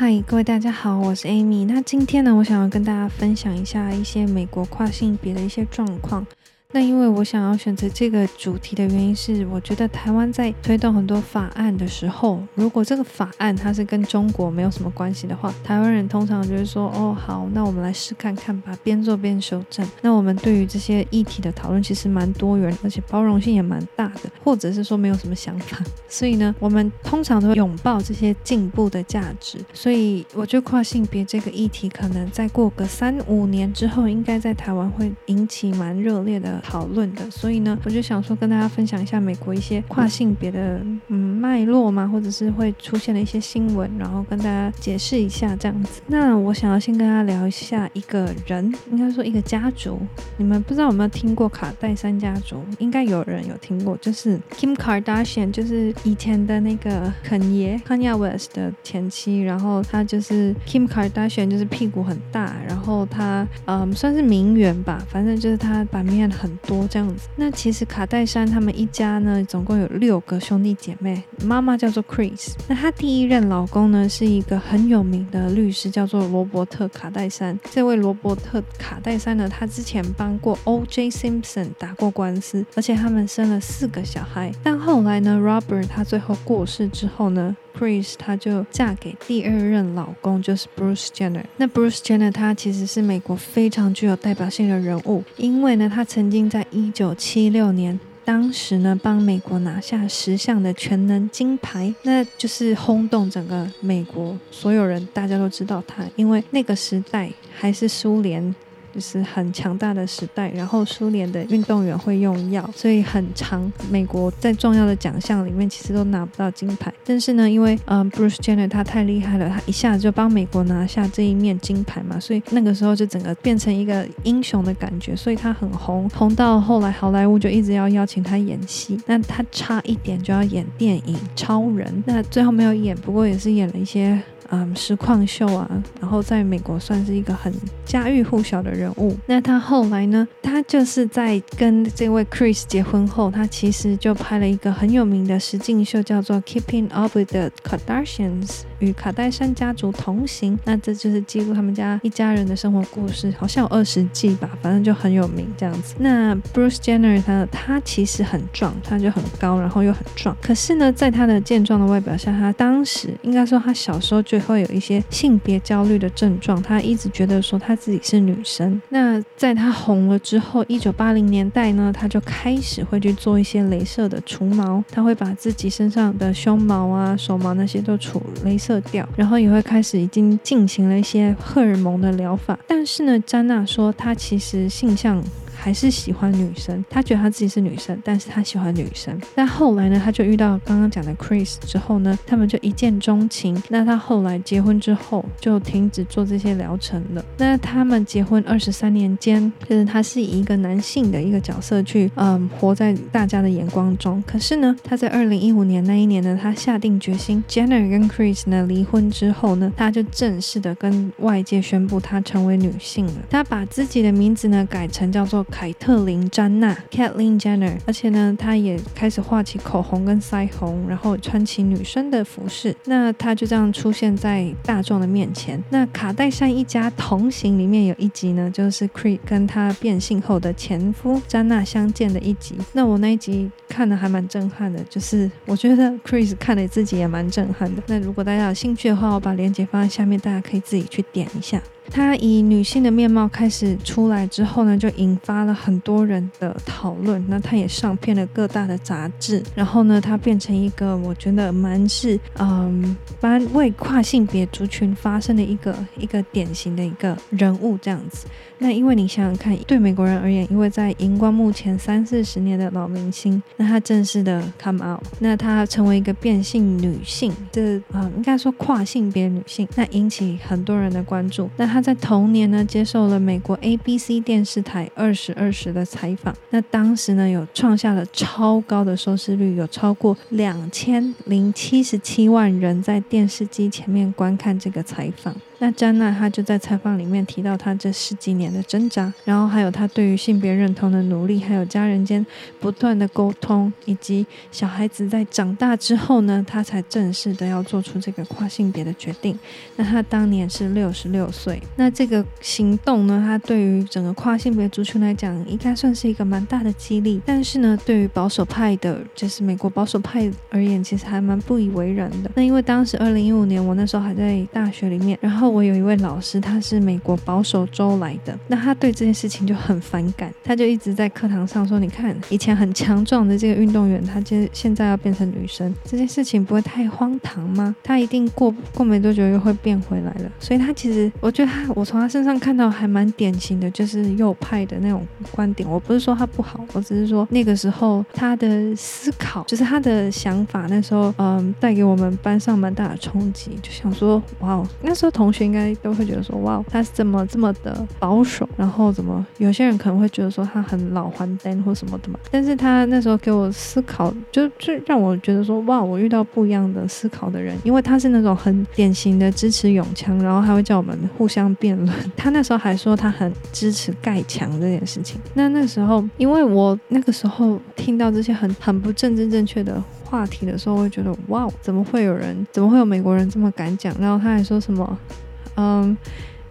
嗨，Hi, 各位大家好，我是 Amy。那今天呢，我想要跟大家分享一下一些美國跨性別的一些狀況。那因為我想要選擇這個主題的原因是，我覺得台灣在推動很多法案的時候，如果這個法案它是跟中國沒有什麼關係的話，台灣人通常就是說，哦好，那我們來試看看吧，邊做邊修正。那我們對於這些議題的討論其實蠻多元，而且包容性也蠻大的，或者是說沒有什麼想法。所以呢，我們通常都會擁抱這些進步的價值。所以我覺得跨性別這個議題，可能再過個三五年之後，應該在台灣會引起蠻熱烈的。討論的，所以呢，我就想說跟大家分享一下美國一些跨性別的嗯脈絡嘛，或者是會出現的一些新聞，然後跟大家解釋一下這樣子。那我想要先跟大家聊一下一個人，應該說一個家族。你們不知道有沒有聽過卡戴珊家族？應該有人有聽過，就是 Kim Kardashian，就是以前的那個肯爺 Kanye West 的前妻。然後他就是 Kim Kardashian，就是屁股很大，然後他嗯算是名媛吧，反正就是他版面很。很多這樣子，那其實卡戴珊他們一家呢，總共有六個兄弟姐妹，媽媽叫做 Kris，那她第一任老公呢是一個很有名的律師，叫做羅伯特卡戴珊。這位羅伯特卡戴珊呢，他之前幫過 OJ Simpson 打過官司，而且他們生了四個小孩，但後來呢，Robert 他最後過世之後呢。Kris，她就嫁給第二任老公，就是 Bruce Jenner。那 Bruce Jenner 他其實是美國非常具有代表性的人物，因為呢，他曾經在1976年，當時呢幫美國拿下十項的全能金牌，那就是轟動整個美國，所有人大家都知道他，因為那個時代還是蘇聯。是很強大的時代，然後蘇聯的運動員會用藥，所以很長，美國在重要的獎項裡面其實都拿不到金牌。但是呢，因為嗯，Bruce Jenner 他太厲害了，他一下子就幫美國拿下這一面金牌嘛，所以那個時候就整個變成一個英雄的感覺，所以他很紅，紅到後來好萊塢就一直要邀請他演戲。那他差一點就要演電影超人，那最後沒有演，不過也是演了一些。嗯，實況秀啊，然後在美國算是一個很家喻戶曉的人物。那他後來呢？他就是在跟這位 Kris 結婚後，他其實就拍了一個很有名的實境秀，叫做《Keeping Up with the Kardashians》與卡戴珊家族同行。那這就是記錄他們家一家人的生活故事，好像有二十季吧，反正就很有名這樣子。那 Bruce Jenner 他他其實很壯，他就很高，然後又很壯。可是呢，在他的健壯的外表下，他當時應該說他小時候就。會有一些性別焦慮的症狀，他一直覺得說他自己是女生。那在他紅了之後，一九八零年代呢，他就開始會去做一些鐳射的除毛，他會把自己身上的胸毛啊、手毛那些都除鐳射掉，然後也會開始已經進行了一些荷爾蒙的療法。但是呢，詹娜說她其實性向。還是喜歡女生，他覺得他自己是女生，但是他喜歡女生。那後來呢，他就遇到剛剛講的 Chris 之後呢，他們就一見鍾情。那他後來結婚之後，就停止做這些療程了。那他們結婚二十三年間，就是他是以一個男性的一個角色去，嗯，活在大家的眼光中。可是呢，他在二零一五年那一年呢，他下定決心，Jenner 跟 Chris 呢，離婚之後呢，他就正式的跟外界宣布他成為女性了。他把自己的名字呢改成叫做。凱特琳·詹娜 Caitlyn Jenner，而且呢，她也開始畫起口紅跟腮紅，然後穿起女生的服飾，那她就這樣出現在大眾的面前。那《卡戴珊一家同行》裡面有一集呢，就是 Kris 跟她變性後的前夫詹娜相見的一集。那我那一集。看得還蠻震撼的，就是我覺得 Chris 看得自己也蠻震撼的。那如果大家有興趣的話，我把鏈接放在下面，大家可以自己去點一下。她以女性的面貌開始出來之後呢，就引發了很多人的討論。那她也上遍了各大的雜誌，然後呢，她變成一個我覺得蠻是嗯，蠻、呃、為跨性別族群發聲的，一個一個典型的一個人物這樣子。那因為你想想看，對美國人而言，一位在熒光幕前三四十年的老明星，那他正式的 come out，那他成為一個變性女性，這啊、嗯、應該說跨性別女性，那引起很多人的關注。那他在同年呢，接受了美國 ABC 電視台20/20的採訪，那當時呢，有創下了超高的收視率，有超過兩千零七十七萬人在電視機前面觀看這個採訪。那詹娜她就在採訪裡面提到她這十幾年的掙扎，然後還有她對於性別認同的努力，還有家人間不斷的溝通，以及小孩子在長大之後呢，她才正式的要做出這個跨性別的決定。那她當年是六十六歲，那這個行動呢，她對於整個跨性別族群來講，應該算是一個蠻大的激勵。但是呢，對於保守派的，就是美國保守派而言，其實還蠻不以為然的。那因為當時二零一五年，我那時候還在大學裡面，然後。我有一位老師，他是美國保守州來的，那他對這件事情就很反感，他就一直在課堂上說：“你看，以前很強壯的這個運動員，他就現在要變成女生，這件事情不會太荒唐嗎？他一定過過沒多久又會變回來了。”所以，他其實我覺得他，我從他身上看到還蠻典型的，就是右派的那種觀點。我不是說他不好，我只是說那個時候他的思考，就是他的想法，那時候嗯，呃，帶給我們班上蠻大的衝擊。就想說，哇，那時候同學。應該都會覺得說，哇，他是怎麼這麼的保守？然後怎麼有些人可能會覺得說他很老還單或什麼的嘛。但是他那時候給我思考，就是最讓我覺得說，哇，我遇到不一樣的思考的人，因為他是那種很典型的支持擁槍，然後還會叫我們互相辯論。他那時候還說他很支持蓋牆這件事情。那那時候，因為我那個時候聽到這些很很不政治正確的話題的時候，我會覺得，哇，怎麼會有人？怎麼會有美國人這麼敢講？然後他還說什麼？嗯，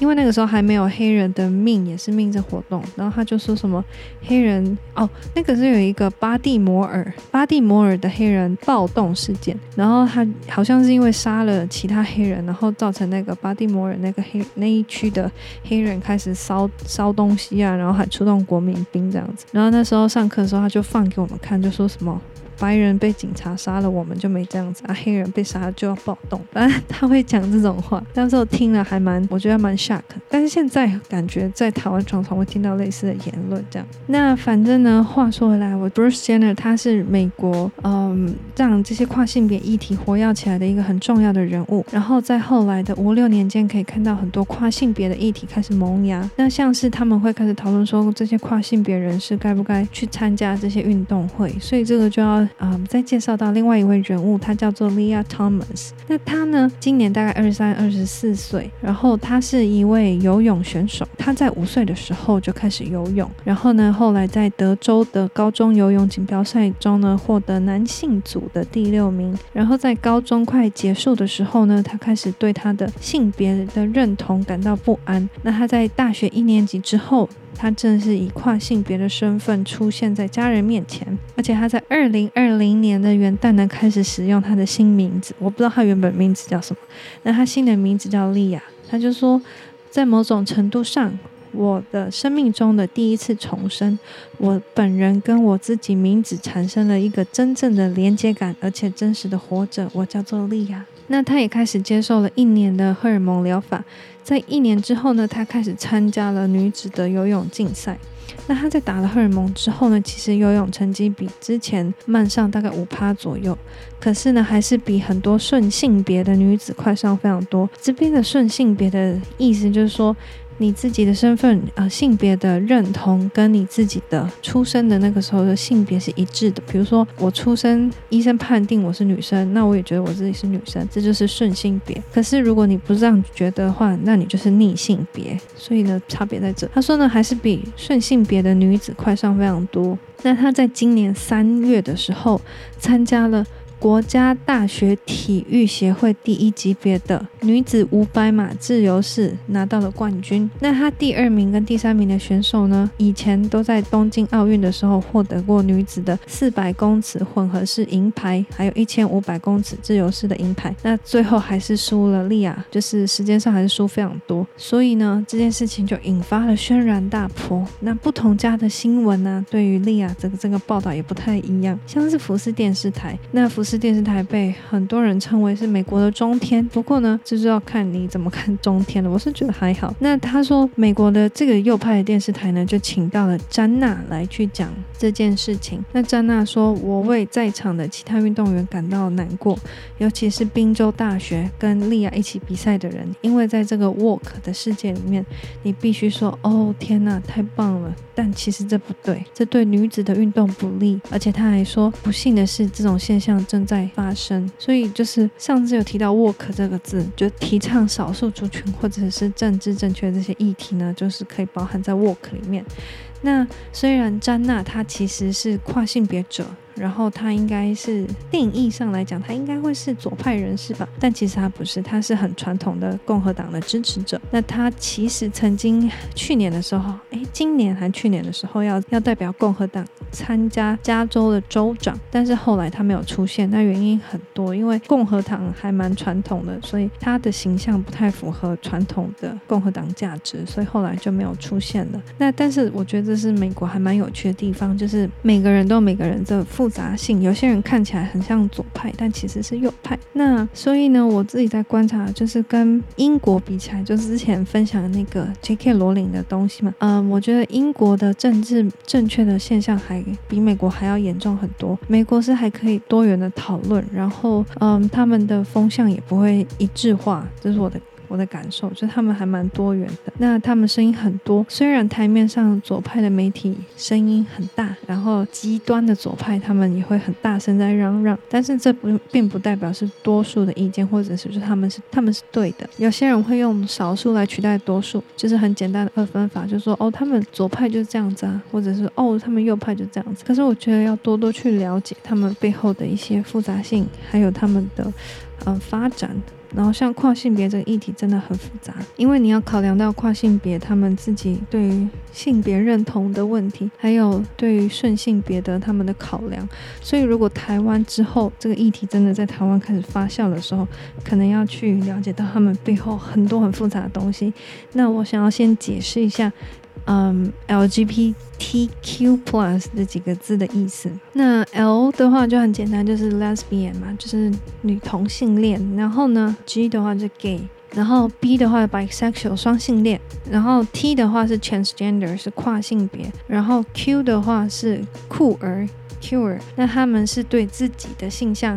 因為那個時候還沒有黑人的命也是命的活動，然後他就說什麼黑人哦，那個是有一個巴蒂摩爾巴蒂摩爾的黑人暴動事件，然後他好像是因為殺了其他黑人，然後造成那個巴蒂摩爾那個黑那一區的黑人開始燒燒東西啊，然後還出動國民兵這樣子，然後那時候上課的時候他就放給我們看，就說什麼。白人被警察殺了，我們就沒這樣子啊；黑人被殺了就要暴動。反正他會講這種話，當時我聽了還蠻，我覺得蠻 shock。但是現在感覺在台灣常常會聽到類似的言論，這樣。那反正呢，話說回來，我 Bruce Jenner 他是美國，嗯，讓這些跨性別議題活躍起來的一個很重要的人物。然後在後來的五六年間，可以看到很多跨性別的議題開始萌芽。那像是他們會開始討論說，這些跨性別人士該不該去參加這些運動會，所以這個就要。我們、嗯、再介紹到另外一位人物，他叫做 Lia Thomas。那他呢，今年大概二十三、二十四歲，然後他是一位游泳選手。他在五歲的時候就開始游泳，然後呢，後來在德州的高中游泳錦標賽中呢，獲得男性組的第六名。然後在高中快結束的時候呢，他開始對他的性別的認同感到不安。那他在大學一年級之後。他正是以跨性別的身份出現在家人面前，而且他在二零二零年的元旦呢，開始使用他的新名字。我不知道他原本名字叫什麼？那他新的名字叫利亞。他就說，在某種程度上。我的生命中的第一次重生，我本人跟我自己名字產生了一個真正的連接感，而且真實的活着。我叫做利亞。那她也開始接受了一年的荷爾蒙療法。在一年之後呢，她開始參加了女子的游泳競賽。那她在打了荷爾蒙之後呢，其實游泳成績比之前慢上大概五趴左右，可是呢，還是比很多順性別的女子快上非常多。這邊的順性別的意思就是說，你自己的身份啊、呃，性別的認同跟你自己的出生的那個時候的性別是一致的。比如說我出生，醫生判定我是女生，那我也覺得我自己是女生，這就是順性別。可是如果你不這樣覺得的話，那你就是逆性別。所以呢，差別在這。他說呢，還是比順性別的女子快上非常多。那他在今年三月的時候參加了。國家大學體育協會第一級別的女子五百碼自由式拿到了冠軍，那她第二名跟第三名的選手呢，以前都在東京奧運的時候獲得過女子的四百公尺混合式銀牌，還有一千五百公尺自由式的銀牌，那最後還是輸了利亞，就是時間上還是輸非常多，所以呢，這件事情就引發了軒然大波。那不同家的新聞呢，啊，對於利亞這個這個報道也不太一樣，像是福斯電視台，那福。是電視台被很多人稱為是美國的中天，不過呢，這就要看你怎麼看中天了。我是覺得還好。那他說美國的這個右派的電視台呢，就請到了詹娜來去講這件事情。那詹娜說：“我為在場的其他運動員感到難過，尤其是賓州大學跟利亞一起比賽的人，因為在這個 woke 的世界裡面，你必須說，哦天哪，太棒了！但其實這不對，這對女子的運動不利。而且他還說，不幸的是，這種現象正在發生，所以就是上次有提到 “woke” 這個字，就是、提倡少數族群或者是政治正確這些議題呢，就是可以包含在 “woke” 裡面。那雖然詹納她其實是跨性別者。然後他應該是定義上來講，他應該會是左派人士吧？但其實他不是，他是很傳統的共和黨的支持者。那他其實曾經去年的時候，哎，今年還去年的時候要要代表共和黨參加加州的州長，但是後來他沒有出現。那原因很多，因為共和黨還蠻傳統的，所以他的形象不太符合傳統的共和黨價值，所以後來就沒有出現了。那但是我覺得這是美國還蠻有趣的地方，就是每個人都有每個人的負。複雜性，有些人看起來很像左派，但其實是右派。那所以呢，我自己在觀察，就是跟英國比起來，就是之前分享的那個 J.K. 羅琳的東西嘛。嗯，我覺得英國的政治正確的現象還比美國還要嚴重很多。美國是還可以多元的討論，然後嗯，他們的風向也不會一致化。這是我的。我的感受就是他們還蠻多元的。那他們聲音很多，雖然台面上左派的媒體聲音很大，然後極端的左派他們也會很大聲在嚷嚷，但是這不並不代表是多數的意見，或者是說他們是他們是對的。有些人會用少數來取代多數，就是很簡單的二分法，就是說哦他們左派就是這樣子啊，或者是哦他們右派就這樣子。可是我覺得要多多去了解他們背後的一些複雜性，還有他們的。嗯，發展，然後像跨性別這個議題真的很複雜，因為你要考量到跨性別他們自己對於性別認同的問題，還有對於順性別的他們的考量。所以，如果台灣之後這個議題真的在台灣開始發酵的時候，可能要去了解到他們背後很多很複雜的東西。那我想要先解釋一下。嗯，um，LGBTQ+ 這幾個字的意思。那 L 的話就很簡單，就是 lesbian 嘛，就是女同性戀。然後呢，G 的話是 gay，然後 B 的話 bisexual 雙性戀，然後 T 的話是 transgender 是跨性別，然後 Q 的話是酷兒。酷兒，那他們是對自己的性向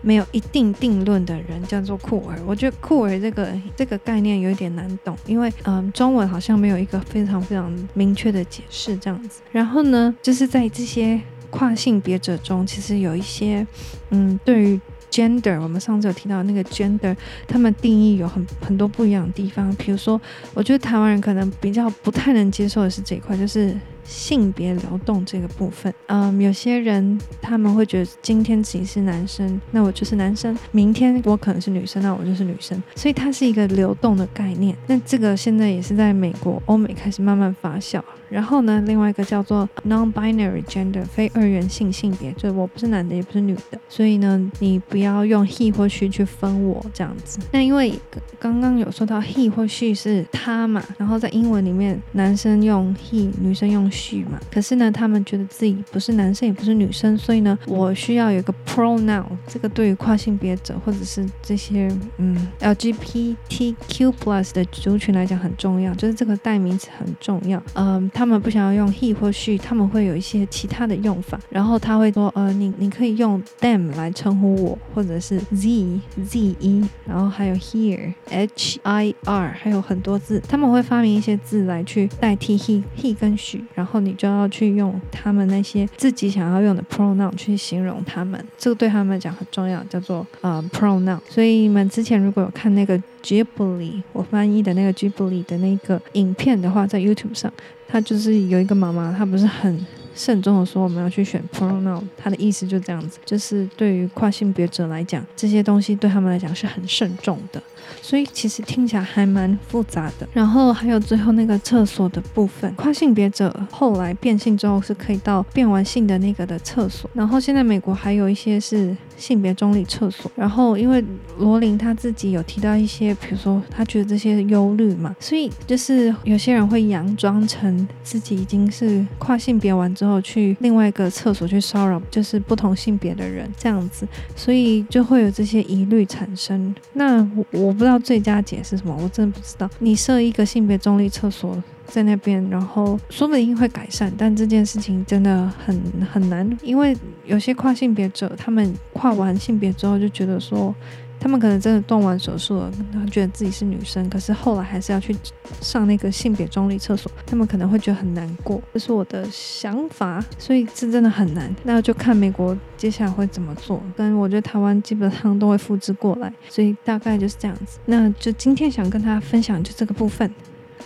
沒有一定定論的人，叫做酷兒。我覺得酷兒這個這個概念有點難懂，因為嗯，中文好像沒有一個非常非常明確的解釋這樣子。然後呢，就是在這些跨性別者中，其實有一些嗯，對於 gender，我們上次有提到那個 gender，他們定義有很很多不一樣的地方。比如說，我覺得台灣人可能比較不太能接受的是這一塊，就是。性別流動這個部分，嗯，um，有些人他們會覺得今天自己是男生，那我就是男生；明天我可能是女生，那我就是女生。所以它是一個流動的概念。那這個現在也是在美國、歐美開始慢慢發酵。然後呢，另外一個叫做 non-binary gender 非二元性性別，就是我不是男的，也不是女的，所以呢，你不要用 he 或 she 去分我這樣子。那因為剛剛有說到 he 或 she 是他嘛，然後在英文裡面，男生用 he，女生用 she 嘛。可是呢，他們覺得自己不是男生，也不是女生，所以呢，我需要有一個 pronoun。這個對於跨性別者或者是這些嗯 LGBTQ plus 的族群來講很重要，就是這個代名詞很重要。嗯。他們不想要用 he 或 she，他們會有一些其他的用法，然後他會說，呃，你你可以用 them 來稱呼我，或者是 z z e，然後還有 here h i r，還有很多字，他們會發明一些字來去代替 he he 跟 she，然後你就要去用他們那些自己想要用的 pronoun 去形容他們，這個對他們來講很重要，叫做呃 pronoun。所以你們之前如果有看那個。Ghibli，我翻譯的那個 Ghibli 的那個影片的話，在 YouTube 上，它就是有一個媽媽，她不是很慎重的說我們要去選 pronoun，她的意思就是這樣子，就是對於跨性別者來講，這些東西對他們來講是很慎重的，所以其實聽起來還蠻複雜的。然後還有最後那個廁所的部分，跨性別者後來變性之後是可以到變完性的那個的廁所，然後現在美國還有一些是。性別中立廁所，然後因為羅琳她自己有提到一些，比如說她覺得這些憂慮嘛，所以就是有些人會佯裝成自己已經是跨性別完之後去另外一個廁所去騷擾，就是不同性別的人這樣子，所以就會有這些疑慮產生。那我我不知道最佳解是什麼，我真的不知道。你設一個性別中立廁所。在那邊，然後說不定會改善，但這件事情真的很很難，因為有些跨性別者，他們跨完性別之後就覺得說，他們可能真的動完手術了，然後覺得自己是女生，可是後來還是要去上那個性別中立廁所，他們可能會覺得很難過，這是我的想法，所以這真的很難，那就看美國接下來會怎麼做，但我覺得台灣基本上都會複製過來，所以大概就是這樣子，那就今天想跟大家分享就這個部分。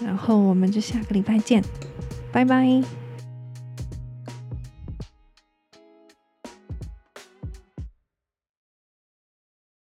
然後我們就下個禮拜見，拜拜。